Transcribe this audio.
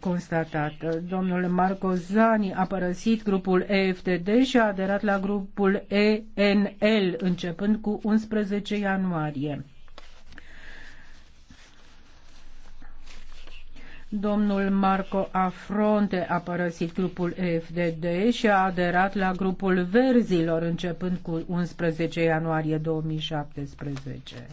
constatată. Domnul Marco Zani a părăsit grupul EFTD și a aderat la grupul ENL începând cu 11 ianuarie. Domnul Marco Afronte a părăsit grupul EFDD și a aderat la grupul Verzilor începând cu 11 ianuarie 2017.